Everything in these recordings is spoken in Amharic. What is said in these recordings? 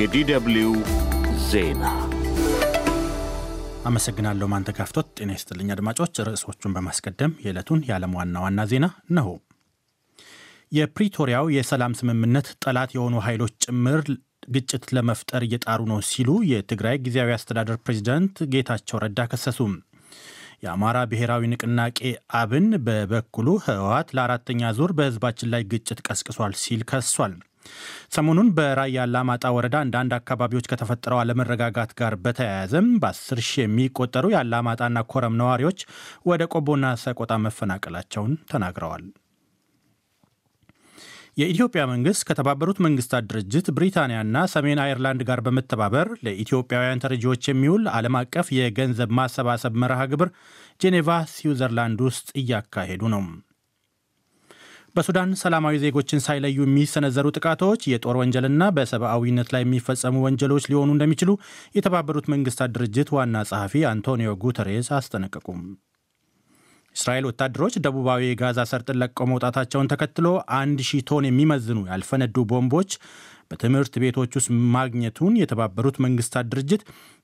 የዲደብልዩ ዜና አመሰግናለሁ። ተካፍቶት ጤና ይስጥልኝ አድማጮች። ርዕሶቹን በማስቀደም የዕለቱን የዓለም ዋና ዋና ዜና ነሆ። የፕሪቶሪያው የሰላም ስምምነት ጠላት የሆኑ ኃይሎች ጭምር ግጭት ለመፍጠር እየጣሩ ነው ሲሉ የትግራይ ጊዜያዊ አስተዳደር ፕሬዚደንት ጌታቸው ረዳ ከሰሱ። የአማራ ብሔራዊ ንቅናቄ አብን በበኩሉ ህወሓት ለአራተኛ ዙር በህዝባችን ላይ ግጭት ቀስቅሷል ሲል ከሷል። ሰሞኑን በራያ አላማጣ ወረዳ አንዳንድ አካባቢዎች ከተፈጠረው አለመረጋጋት ጋር በተያያዘም በ10 ሺህ የሚቆጠሩ የአላማጣና ኮረም ነዋሪዎች ወደ ቆቦና ሰቆጣ መፈናቀላቸውን ተናግረዋል። የኢትዮጵያ መንግስት ከተባበሩት መንግስታት ድርጅት ብሪታንያና ሰሜን አይርላንድ ጋር በመተባበር ለኢትዮጵያውያን ተረጂዎች የሚውል ዓለም አቀፍ የገንዘብ ማሰባሰብ መርሃ ግብር ጄኔቫ ስዊዘርላንድ ውስጥ እያካሄዱ ነው። በሱዳን ሰላማዊ ዜጎችን ሳይለዩ የሚሰነዘሩ ጥቃቶች የጦር ወንጀልና በሰብአዊነት ላይ የሚፈጸሙ ወንጀሎች ሊሆኑ እንደሚችሉ የተባበሩት መንግስታት ድርጅት ዋና ጸሐፊ አንቶኒዮ ጉተሬስ አስጠነቀቁም። እስራኤል ወታደሮች ደቡባዊ የጋዛ ሰርጥን ለቀው መውጣታቸውን ተከትሎ አንድ ሺህ ቶን የሚመዝኑ ያልፈነዱ ቦምቦች በትምህርት ቤቶች ውስጥ ማግኘቱን የተባበሩት መንግስታት ድርጅት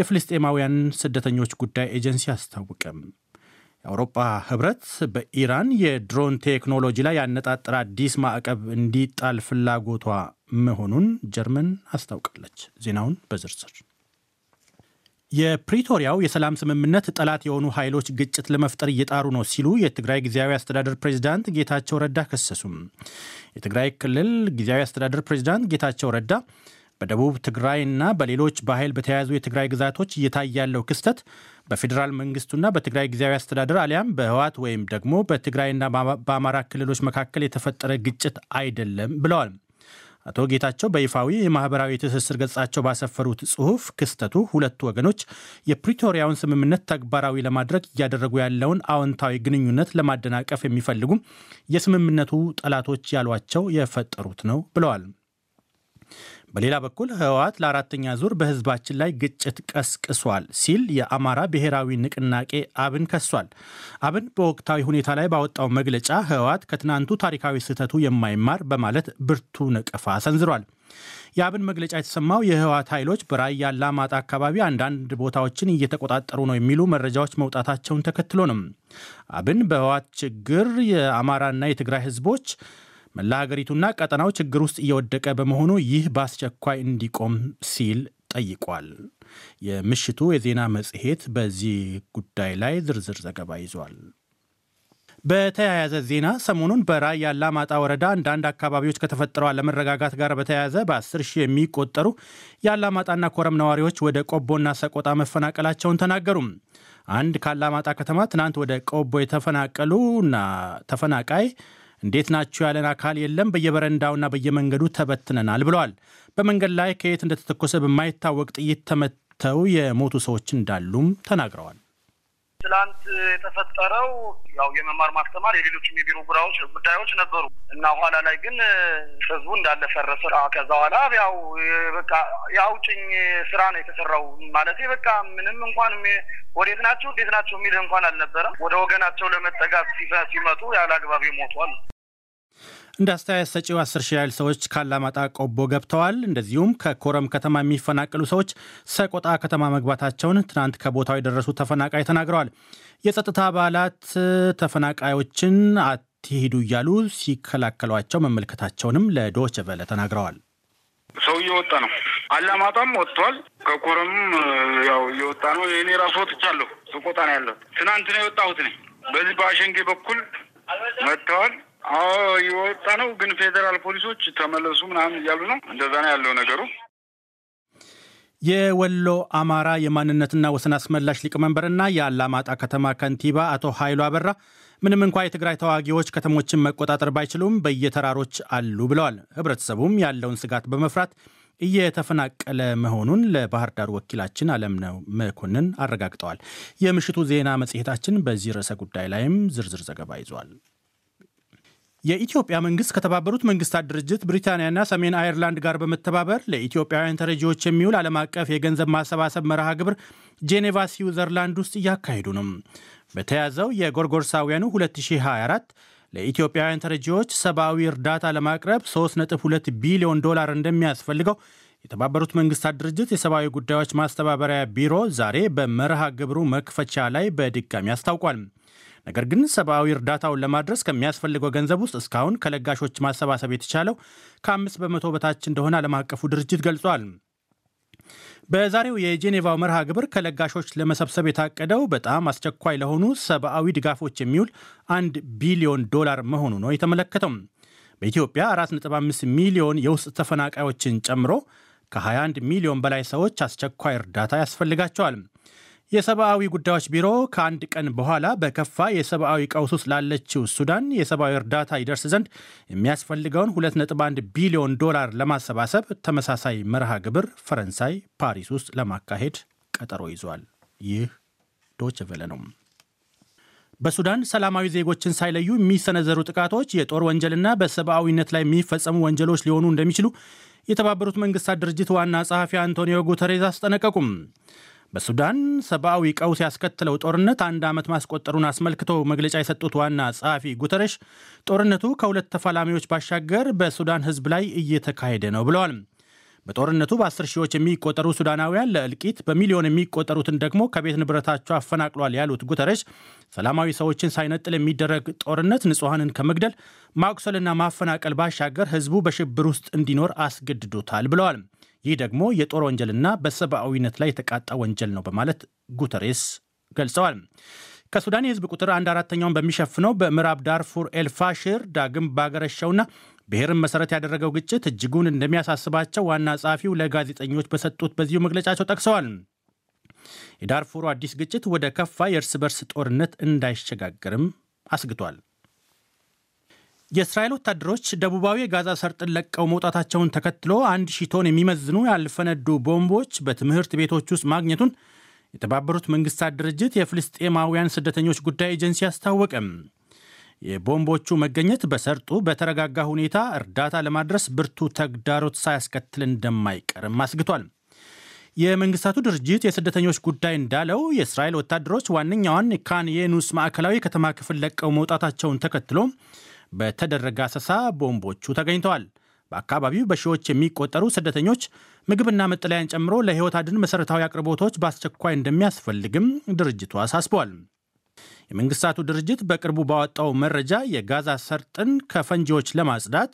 የፍልስጤማውያን ስደተኞች ጉዳይ ኤጀንሲ አስታወቀም። የአውሮፓ ህብረት በኢራን የድሮን ቴክኖሎጂ ላይ ያነጣጠረ አዲስ ማዕቀብ እንዲጣል ፍላጎቷ መሆኑን ጀርመን አስታውቃለች። ዜናውን በዝርዝር የፕሪቶሪያው የሰላም ስምምነት ጠላት የሆኑ ኃይሎች ግጭት ለመፍጠር እየጣሩ ነው ሲሉ የትግራይ ጊዜያዊ አስተዳደር ፕሬዚዳንት ጌታቸው ረዳ ከሰሱም። የትግራይ ክልል ጊዜያዊ አስተዳደር ፕሬዚዳንት ጌታቸው ረዳ በደቡብ ትግራይና በሌሎች በኃይል በተያያዙ የትግራይ ግዛቶች እየታየ ያለው ክስተት በፌዴራል መንግስቱና በትግራይ ጊዜያዊ አስተዳደር አሊያም በህወሓት ወይም ደግሞ በትግራይና በአማራ ክልሎች መካከል የተፈጠረ ግጭት አይደለም ብለዋል። አቶ ጌታቸው በይፋዊ የማህበራዊ ትስስር ገጻቸው ባሰፈሩት ጽሁፍ ክስተቱ ሁለቱ ወገኖች የፕሪቶሪያውን ስምምነት ተግባራዊ ለማድረግ እያደረጉ ያለውን አዎንታዊ ግንኙነት ለማደናቀፍ የሚፈልጉ የስምምነቱ ጠላቶች ያሏቸው የፈጠሩት ነው ብለዋል። በሌላ በኩል ህወሓት ለአራተኛ ዙር በህዝባችን ላይ ግጭት ቀስቅሷል ሲል የአማራ ብሔራዊ ንቅናቄ አብን ከሷል። አብን በወቅታዊ ሁኔታ ላይ ባወጣው መግለጫ ህወሓት ከትናንቱ ታሪካዊ ስህተቱ የማይማር በማለት ብርቱ ነቀፋ ሰንዝሯል። የአብን መግለጫ የተሰማው የህወሓት ኃይሎች በራያ አላማጣ አካባቢ አንዳንድ ቦታዎችን እየተቆጣጠሩ ነው የሚሉ መረጃዎች መውጣታቸውን ተከትሎ ነው። አብን በህወሓት ችግር የአማራና የትግራይ ህዝቦች መላ ሀገሪቱና ቀጠናው ችግር ውስጥ እየወደቀ በመሆኑ ይህ በአስቸኳይ እንዲቆም ሲል ጠይቋል። የምሽቱ የዜና መጽሔት በዚህ ጉዳይ ላይ ዝርዝር ዘገባ ይዟል። በተያያዘ ዜና ሰሞኑን በራያ አላማጣ ወረዳ አንዳንድ አካባቢዎች ከተፈጠረው አለመረጋጋት ጋር በተያያዘ በ10 ሺህ የሚቆጠሩ የአላማጣና ኮረም ነዋሪዎች ወደ ቆቦና ሰቆጣ መፈናቀላቸውን ተናገሩ። አንድ ከአላማጣ ከተማ ትናንት ወደ ቆቦ የተፈናቀሉና ተፈናቃይ እንዴት ናችሁ ያለን አካል የለም፣ በየበረንዳውና በየመንገዱ ተበትነናል ብለዋል። በመንገድ ላይ ከየት እንደተተኮሰ በማይታወቅ ጥይት ተመተው የሞቱ ሰዎች እንዳሉም ተናግረዋል። ትናንት የተፈጠረው ያው የመማር ማስተማር የሌሎችም የቢሮ ጉራዎች ጉዳዮች ነበሩ እና ኋላ ላይ ግን ህዝቡ እንዳለ ፈረሰ። ከዛ ኋላ ያው በቃ የአውጭኝ ስራ ነው የተሰራው። ማለት በቃ ምንም እንኳን ወዴት ናቸው እንዴት ናቸው የሚል እንኳን አልነበረም። ወደ ወገናቸው ለመጠጋት ሲመጡ ያለ አግባብ ሞቷል። እንደ አስተያየት ሰጪው 10 ሺህ ያህል ሰዎች ካላማጣ ቆቦ ገብተዋል። እንደዚሁም ከኮረም ከተማ የሚፈናቀሉ ሰዎች ሰቆጣ ከተማ መግባታቸውን ትናንት ከቦታው የደረሱ ተፈናቃይ ተናግረዋል። የጸጥታ አባላት ተፈናቃዮችን አትሄዱ እያሉ ሲከላከሏቸው መመልከታቸውንም ለዶይቼ ተናግረዋል። ሰው እየወጣ ነው። አላማጣም ወጥቷል። ከኮረም ያው እየወጣ ነው። እኔ ራሱ ወጥቻለሁ። ሰቆጣ ነው ያለው። ትናንት ነው የወጣሁት በዚህ በአሸንጌ በኩል መጥተዋል። አዎ የወጣ ነው፣ ግን ፌዴራል ፖሊሶች ተመለሱ ምናምን እያሉ ነው። እንደዛ ነው ያለው ነገሩ። የወሎ አማራ የማንነትና ወሰን አስመላሽ ሊቀመንበርና የአላማጣ ከተማ ከንቲባ አቶ ኃይሉ አበራ ምንም እንኳ የትግራይ ተዋጊዎች ከተሞችን መቆጣጠር ባይችሉም በየተራሮች አሉ ብለዋል። ህብረተሰቡም ያለውን ስጋት በመፍራት እየተፈናቀለ መሆኑን ለባህር ዳር ወኪላችን አለምነው መኮንን አረጋግጠዋል። የምሽቱ ዜና መጽሔታችን በዚህ ርዕሰ ጉዳይ ላይም ዝርዝር ዘገባ ይዟል። የኢትዮጵያ መንግስት ከተባበሩት መንግስታት ድርጅት ብሪታንያና ሰሜን አይርላንድ ጋር በመተባበር ለኢትዮጵያውያን ተረጂዎች የሚውል ዓለም አቀፍ የገንዘብ ማሰባሰብ መርሃ ግብር ጄኔቫ ስዊዘርላንድ ውስጥ እያካሄዱ ነው። በተያዘው የጎርጎርሳውያኑ 2024 ለኢትዮጵያውያን ተረጂዎች ሰብአዊ እርዳታ ለማቅረብ 3.2 ቢሊዮን ዶላር እንደሚያስፈልገው የተባበሩት መንግስታት ድርጅት የሰብአዊ ጉዳዮች ማስተባበሪያ ቢሮ ዛሬ በመርሃ ግብሩ መክፈቻ ላይ በድጋሚ አስታውቋል። ነገር ግን ሰብአዊ እርዳታውን ለማድረስ ከሚያስፈልገው ገንዘብ ውስጥ እስካሁን ከለጋሾች ማሰባሰብ የተቻለው ከአምስት በመቶ በታች እንደሆነ ዓለም አቀፉ ድርጅት ገልጿል። በዛሬው የጄኔቫው መርሃ ግብር ከለጋሾች ለመሰብሰብ የታቀደው በጣም አስቸኳይ ለሆኑ ሰብአዊ ድጋፎች የሚውል አንድ ቢሊዮን ዶላር መሆኑ ነው የተመለከተው። በኢትዮጵያ 4.5 ሚሊዮን የውስጥ ተፈናቃዮችን ጨምሮ ከ21 ሚሊዮን በላይ ሰዎች አስቸኳይ እርዳታ ያስፈልጋቸዋል። የሰብአዊ ጉዳዮች ቢሮ ከአንድ ቀን በኋላ በከፋ የሰብአዊ ቀውስ ውስጥ ላለችው ሱዳን የሰብአዊ እርዳታ ይደርስ ዘንድ የሚያስፈልገውን 2.1 ቢሊዮን ዶላር ለማሰባሰብ ተመሳሳይ መርሃ ግብር ፈረንሳይ ፓሪስ ውስጥ ለማካሄድ ቀጠሮ ይዟል። ይህ ዶችቨለ ነው። በሱዳን ሰላማዊ ዜጎችን ሳይለዩ የሚሰነዘሩ ጥቃቶች የጦር ወንጀልና በሰብአዊነት ላይ የሚፈጸሙ ወንጀሎች ሊሆኑ እንደሚችሉ የተባበሩት መንግስታት ድርጅት ዋና ጸሐፊ አንቶኒዮ ጉተሬዝ አስጠነቀቁም። በሱዳን ሰብአዊ ቀውስ ያስከትለው ጦርነት አንድ ዓመት ማስቆጠሩን አስመልክቶ መግለጫ የሰጡት ዋና ጸሐፊ ጉተረሽ ጦርነቱ ከሁለት ተፋላሚዎች ባሻገር በሱዳን ሕዝብ ላይ እየተካሄደ ነው ብለዋል። በጦርነቱ በአስር ሺዎች የሚቆጠሩ ሱዳናውያን ለእልቂት በሚሊዮን የሚቆጠሩትን ደግሞ ከቤት ንብረታቸው አፈናቅሏል ያሉት ጉተረሽ ሰላማዊ ሰዎችን ሳይነጥል የሚደረግ ጦርነት ንጹሐንን ከመግደል ማቁሰልና ማፈናቀል ባሻገር ህዝቡ በሽብር ውስጥ እንዲኖር አስገድዶታል ብለዋል። ይህ ደግሞ የጦር ወንጀልና በሰብአዊነት ላይ የተቃጣ ወንጀል ነው በማለት ጉተሬስ ገልጸዋል። ከሱዳን የህዝብ ቁጥር አንድ አራተኛውን በሚሸፍነው በምዕራብ ዳርፉር ኤልፋሽር ዳግም ባገረሸውና ብሔርን መሰረት ያደረገው ግጭት እጅጉን እንደሚያሳስባቸው ዋና ጸሐፊው ለጋዜጠኞች በሰጡት በዚሁ መግለጫቸው ጠቅሰዋል። የዳርፉሩ አዲስ ግጭት ወደ ከፋ የእርስ በርስ ጦርነት እንዳይሸጋገርም አስግቷል። የእስራኤል ወታደሮች ደቡባዊ የጋዛ ሰርጥን ለቀው መውጣታቸውን ተከትሎ አንድ ሺህ ቶን የሚመዝኑ ያልፈነዱ ቦምቦች በትምህርት ቤቶች ውስጥ ማግኘቱን የተባበሩት መንግስታት ድርጅት የፍልስጤማውያን ስደተኞች ጉዳይ ኤጀንሲ አስታወቀም። የቦምቦቹ መገኘት በሰርጡ በተረጋጋ ሁኔታ እርዳታ ለማድረስ ብርቱ ተግዳሮት ሳያስከትል እንደማይቀርም አስግቷል። የመንግስታቱ ድርጅት የስደተኞች ጉዳይ እንዳለው የእስራኤል ወታደሮች ዋነኛዋን ካን የኑስ ማዕከላዊ ከተማ ክፍል ለቀው መውጣታቸውን ተከትሎ በተደረገ አሰሳ ቦምቦቹ ተገኝተዋል። በአካባቢው በሺዎች የሚቆጠሩ ስደተኞች ምግብና መጠለያን ጨምሮ ለሕይወት አድን መሠረታዊ አቅርቦቶች በአስቸኳይ እንደሚያስፈልግም ድርጅቱ አሳስቧል። የመንግስታቱ ድርጅት በቅርቡ ባወጣው መረጃ የጋዛ ሰርጥን ከፈንጂዎች ለማጽዳት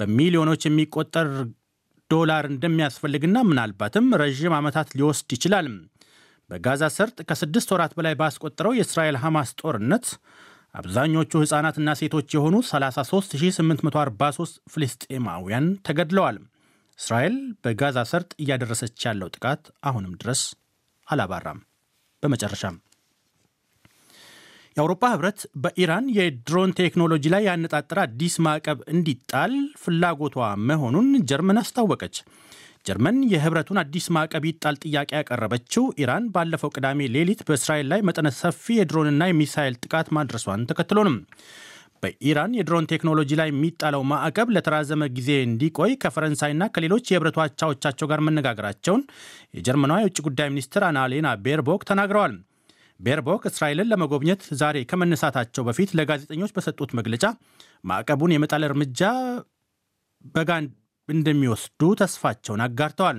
በሚሊዮኖች የሚቆጠር ዶላር እንደሚያስፈልግና ምናልባትም ረዥም ዓመታት ሊወስድ ይችላል። በጋዛ ሰርጥ ከስድስት ወራት በላይ ባስቆጠረው የእስራኤል ሐማስ ጦርነት አብዛኞቹ ሕፃናትና ሴቶች የሆኑ 33843 ፍልስጤማውያን ተገድለዋል። እስራኤል በጋዛ ሰርጥ እያደረሰች ያለው ጥቃት አሁንም ድረስ አላባራም። በመጨረሻም የአውሮፓ ህብረት በኢራን የድሮን ቴክኖሎጂ ላይ ያነጣጠረ አዲስ ማዕቀብ እንዲጣል ፍላጎቷ መሆኑን ጀርመን አስታወቀች። ጀርመን የህብረቱን አዲስ ማዕቀብ ይጣል ጥያቄ ያቀረበችው ኢራን ባለፈው ቅዳሜ ሌሊት በእስራኤል ላይ መጠነ ሰፊ የድሮንና የሚሳይል ጥቃት ማድረሷን ተከትሎ ነው። በኢራን የድሮን ቴክኖሎጂ ላይ የሚጣለው ማዕቀብ ለተራዘመ ጊዜ እንዲቆይ ከፈረንሳይና ከሌሎች የህብረቱ አቻዎቻቸው ጋር መነጋገራቸውን የጀርመኗ የውጭ ጉዳይ ሚኒስትር አናሌና ቤርቦክ ተናግረዋል። ቤርቦክ እስራኤልን ለመጎብኘት ዛሬ ከመነሳታቸው በፊት ለጋዜጠኞች በሰጡት መግለጫ ማዕቀቡን የመጣል እርምጃ በጋን እንደሚወስዱ ተስፋቸውን አጋርተዋል።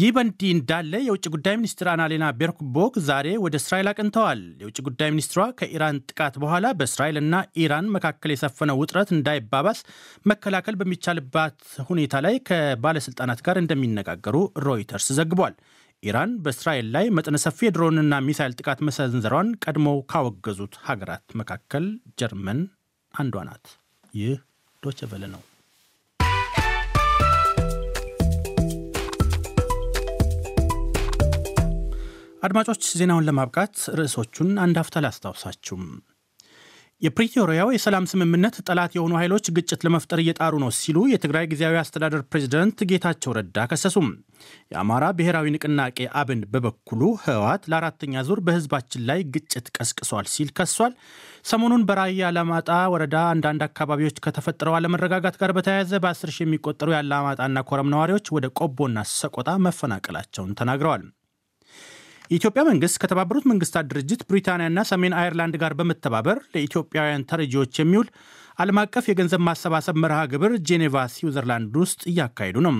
ይህ በእንዲህ እንዳለ የውጭ ጉዳይ ሚኒስትር አናሌና ቤርኩቦክ ዛሬ ወደ እስራኤል አቅንተዋል። የውጭ ጉዳይ ሚኒስትሯ ከኢራን ጥቃት በኋላ በእስራኤልና ኢራን መካከል የሰፈነው ውጥረት እንዳይባባስ መከላከል በሚቻልባት ሁኔታ ላይ ከባለስልጣናት ጋር እንደሚነጋገሩ ሮይተርስ ዘግቧል። ኢራን በእስራኤል ላይ መጠነ ሰፊ የድሮንና ሚሳይል ጥቃት መሰንዘሯን ቀድሞ ካወገዙት ሀገራት መካከል ጀርመን አንዷ ናት። ይህ ዶቸ ቨለ ነው። አድማጮች ዜናውን ለማብቃት ርዕሶቹን አንድ አፍታ ላስታውሳችሁም። የፕሪቶሪያው የሰላም ስምምነት ጠላት የሆኑ ኃይሎች ግጭት ለመፍጠር እየጣሩ ነው ሲሉ የትግራይ ጊዜያዊ አስተዳደር ፕሬዝደንት ጌታቸው ረዳ ከሰሱም። የአማራ ብሔራዊ ንቅናቄ አብን በበኩሉ ህወሓት ለአራተኛ ዙር በህዝባችን ላይ ግጭት ቀስቅሷል ሲል ከሷል። ሰሞኑን በራያ አላማጣ ወረዳ አንዳንድ አካባቢዎች ከተፈጠረው አለመረጋጋት ጋር በተያያዘ በ10 ሺህ የሚቆጠሩ የአላማጣና ኮረም ነዋሪዎች ወደ ቆቦና ሰቆጣ መፈናቀላቸውን ተናግረዋል። የኢትዮጵያ መንግስት ከተባበሩት መንግስታት ድርጅት ብሪታንያና ሰሜን አየርላንድ ጋር በመተባበር ለኢትዮጵያውያን ተረጂዎች የሚውል ዓለም አቀፍ የገንዘብ ማሰባሰብ መርሃ ግብር ጄኔቫ ስዊዘርላንድ ውስጥ እያካሄዱ ነው።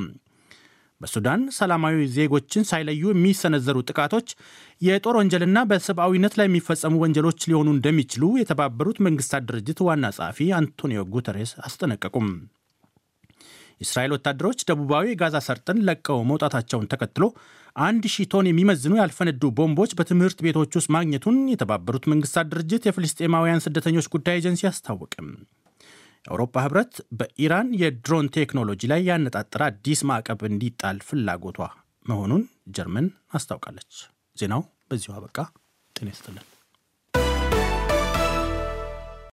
በሱዳን ሰላማዊ ዜጎችን ሳይለዩ የሚሰነዘሩ ጥቃቶች የጦር ወንጀልና በሰብአዊነት ላይ የሚፈጸሙ ወንጀሎች ሊሆኑ እንደሚችሉ የተባበሩት መንግስታት ድርጅት ዋና ጸሐፊ አንቶኒዮ ጉተሬስ አስጠነቀቁም። የእስራኤል ወታደሮች ደቡባዊ የጋዛ ሰርጥን ለቀው መውጣታቸውን ተከትሎ አንድ ሺህ ቶን የሚመዝኑ ያልፈነዱ ቦምቦች በትምህርት ቤቶች ውስጥ ማግኘቱን የተባበሩት መንግስታት ድርጅት የፍልስጤማውያን ስደተኞች ጉዳይ ኤጀንሲ አስታወቅም። የአውሮፓ ህብረት በኢራን የድሮን ቴክኖሎጂ ላይ ያነጣጠረ አዲስ ማዕቀብ እንዲጣል ፍላጎቷ መሆኑን ጀርመን አስታውቃለች። ዜናው በዚሁ አበቃ። ጤና ይስጥልን።